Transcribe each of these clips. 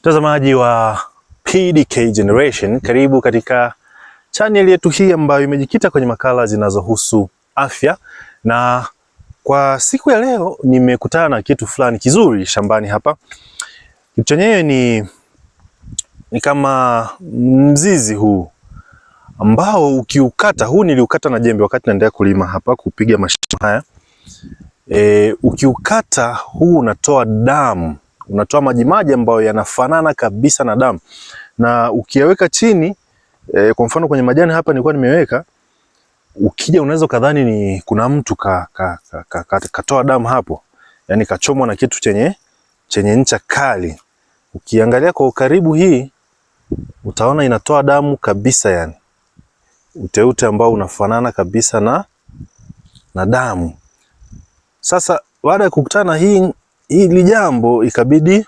Mtazamaji wa PDK Generation, karibu katika channel yetu hii ambayo imejikita kwenye makala zinazohusu afya, na kwa siku ya leo nimekutana na kitu fulani kizuri shambani hapa. Kitu chenyewe ni, ni kama mzizi huu ambao ukiukata, huu niliukata na jembe wakati naendelea kulima hapa kupiga mashimo haya. E, ukiukata huu unatoa damu unatoa majimaji ambayo yanafanana kabisa na damu, na ukiyaweka chini e, kwa mfano kwenye majani hapa nilikuwa nimeweka, ukija unaweza kadhani ni kuna mtu ka, ka, ka, ka, ka, katoa damu hapo, yani kachomwa na kitu chenye chenye ncha kali. Ukiangalia kwa ukaribu hii utaona inatoa damu kabisa, yani uteute ambao unafanana kabisa na na damu. Sasa baada ya kukutana hii hili jambo ikabidi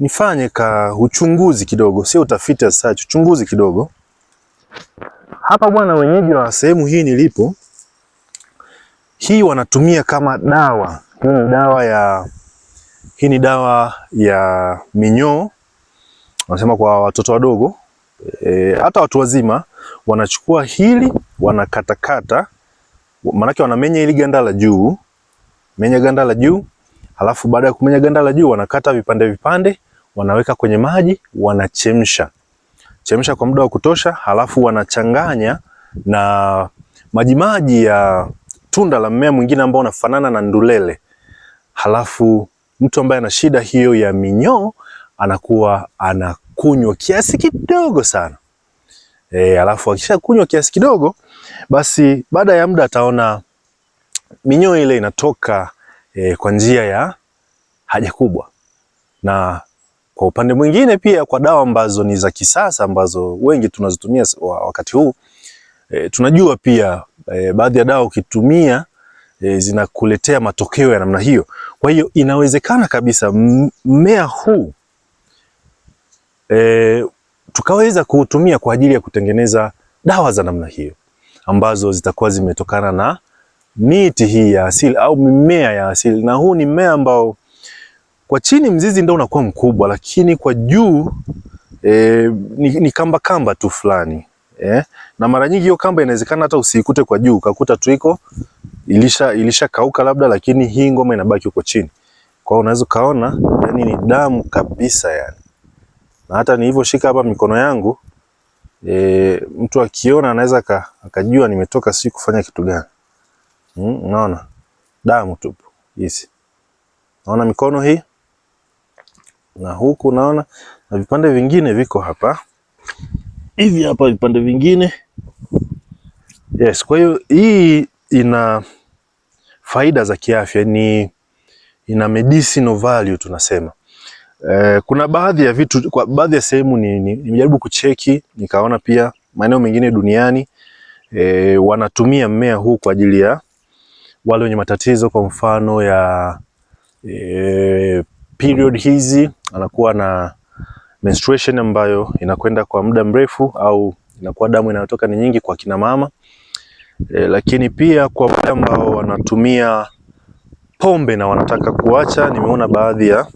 nifanye ka uchunguzi kidogo, sio utafiti as such, uchunguzi kidogo hapa bwana. Wenyeji wa sehemu hii nilipo hii wanatumia kama dawa. Hii ni dawa ya hii ni dawa ya minyoo, wanasema kwa watoto wadogo e, hata watu wazima wanachukua hili wanakatakata, manake wanamenya hili ganda la juu, menya ganda la juu Halafu baada ya kumenya ganda la juu wanakata vipande vipande, wanaweka kwenye maji, wanachemsha. Chemsha kwa muda wa kutosha, halafu wanachanganya na majimaji ya tunda la mmea mwingine ambao unafanana na ndulele. Halafu mtu ambaye ana shida hiyo ya minyoo anakuwa anakunywa kiasi kidogo sana. E, halafu akishakunywa kiasi kidogo basi baada ya muda ataona minyoo ile inatoka e, kwa njia ya haja kubwa, na kwa upande mwingine pia kwa dawa ambazo ni za kisasa ambazo wengi tunazitumia wakati huu e, tunajua pia e, baadhi ya dawa ukitumia e, zinakuletea matokeo ya namna hiyo. Kwa hiyo inawezekana kabisa mmea huu e, tukaweza kuutumia kwa ajili ya kutengeneza dawa za namna hiyo ambazo zitakuwa zimetokana na miti hii ya asili au mimea ya asili, na huu ni mmea ambao kwa chini mzizi ndio unakuwa mkubwa, lakini kwa juu e, ni, ni kamba kamba tu fulani e, na mara nyingi hiyo kamba inawezekana hata usiikute kwa juu, ukakuta tu iko ilisha ilishakauka labda, lakini hii ngoma inabaki huko chini. Kwa hiyo unaweza kaona, yani ni damu kabisa yani. Na hata nilivyoshika hapa mikono yangu e, mtu akiona anaweza akajua nimetoka si kufanya kitu gani. Hmm, unaona damu tupu hizi, naona mikono hii na huku naona na vipande vingine viko hapa hivi hapa vipande vingine yes. Kwa hiyo hii ina faida za kiafya, ni ina medicinal value tunasema. Eh, kuna baadhi ya vitu kwa baadhi ya sehemu nimejaribu ni, kucheki nikaona pia maeneo mengine duniani eh, wanatumia mmea huu kwa ajili ya wale wenye matatizo kwa mfano ya e, period hizi, anakuwa na menstruation ambayo inakwenda kwa muda mrefu au inakuwa damu inayotoka ni nyingi kwa kina mama e, lakini pia kwa wale ambao wanatumia pombe na wanataka kuacha, nimeona baadhi ya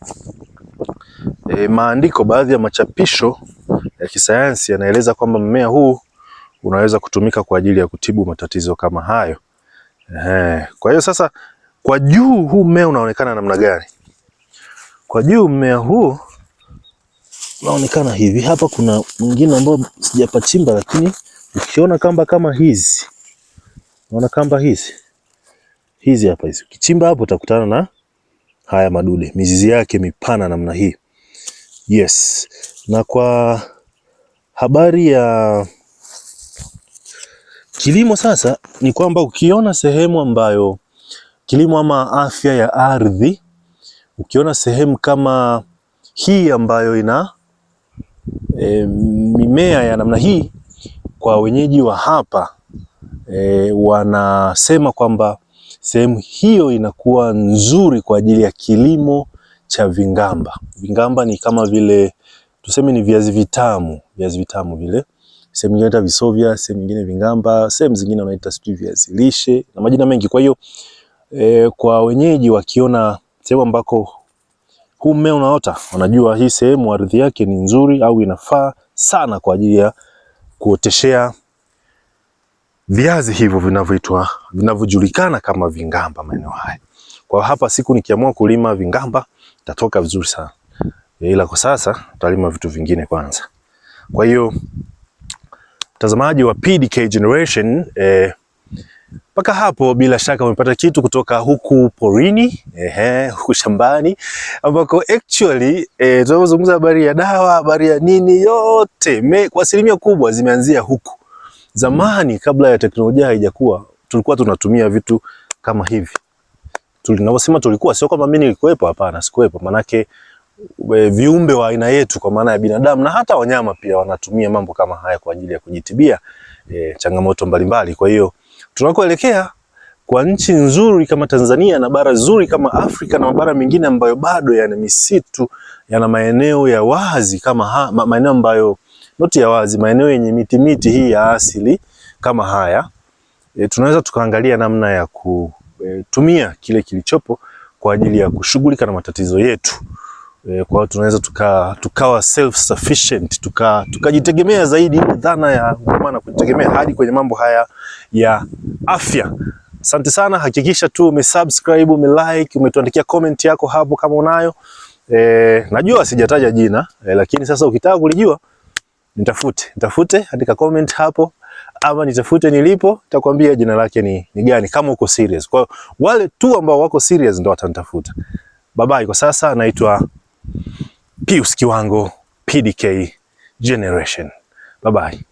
e, maandiko, baadhi ya machapisho ya kisayansi yanaeleza kwamba mmea huu unaweza kutumika kwa ajili ya kutibu matatizo kama hayo. Eh, kwa hiyo sasa kwa juu huu mmea unaonekana namna gani? Kwa juu mmea huu unaonekana hivi. Hapa kuna mwingine ambao sijapachimba, lakini ukiona kamba kama hizi, unaona kamba hizi hizi hapa hizi, ukichimba hapo utakutana na haya madude, mizizi yake mipana namna hii. Yes, na kwa habari ya Kilimo sasa ni kwamba ukiona sehemu ambayo kilimo ama afya ya ardhi, ukiona sehemu kama hii ambayo ina e, mimea ya namna hii, kwa wenyeji wa hapa e, wanasema kwamba sehemu hiyo inakuwa nzuri kwa ajili ya kilimo cha vingamba. Vingamba ni kama vile tuseme ni viazi vitamu, viazi vitamu vile sehemu nyingine inaita visovya, sehemu nyingine vingamba, sehemu zingine wanaita sijui viazi lishe na majina mengi. Kwa hiyo e, kwa wenyeji wakiona sehemu ambako huu mmea unaota, wanajua hii sehemu ardhi yake ni nzuri au inafaa sana kwa ajili ya kuoteshea viazi hivyo vinavyoitwa vinavyojulikana kama vingamba maeneo haya. Kwa hapa siku nikiamua kulima vingamba tatoka vizuri sana, ila kwa sasa tutalima vitu vingine kwanza. Kwa hiyo mtazamaji wa PDK Generation eh, mpaka hapo bila shaka umepata kitu kutoka huku porini eh, huku shambani ambako actually eh, tunazungumza habari ya dawa, habari ya nini, yote me, kwa asilimia kubwa zimeanzia huku. Zamani kabla ya teknolojia haijakuwa, tulikuwa tunatumia vitu kama hivi. Tulinaposema tulikuwa, sio kwamba mimi nilikuwepo, hapana, sikuwepo, manake viumbe wa aina yetu kwa maana ya binadamu na hata wanyama pia wanatumia mambo kama haya kwa ajili ya kujitibia e, changamoto mbalimbali. Kwa hiyo tunakoelekea kwa nchi nzuri kama Tanzania na bara zuri kama Afrika na mabara mengine ambayo bado yana misitu, yana maeneo ya wazi kama ha, maeneo ambayo noti ya wazi, maeneo yenye miti miti hii ya asili kama haya e, tunaweza tukaangalia namna ya kutumia e, kile kilichopo kwa ajili ya kushughulika na matatizo yetu e, Kwa hiyo tunaweza tuka, tukawa self sufficient tukajitegemea tuka zaidi, ile dhana ya ujamaa na kujitegemea hadi kwenye mambo haya ya afya. Asante sana, hakikisha tu umesubscribe, umelike, umetuandikia comment yako hapo kama unayo. E, najua sijataja jina e, lakini sasa ukitaka kulijua nitafute nitafute, andika comment hapo ama nitafute nilipo, nitakwambia jina lake ni, ni gani kama uko serious. Kwa wale tu ambao wako serious ndio watanitafuta. Bye bye kwa sasa naitwa Pius Kiwango PDK Generation. Bye bye.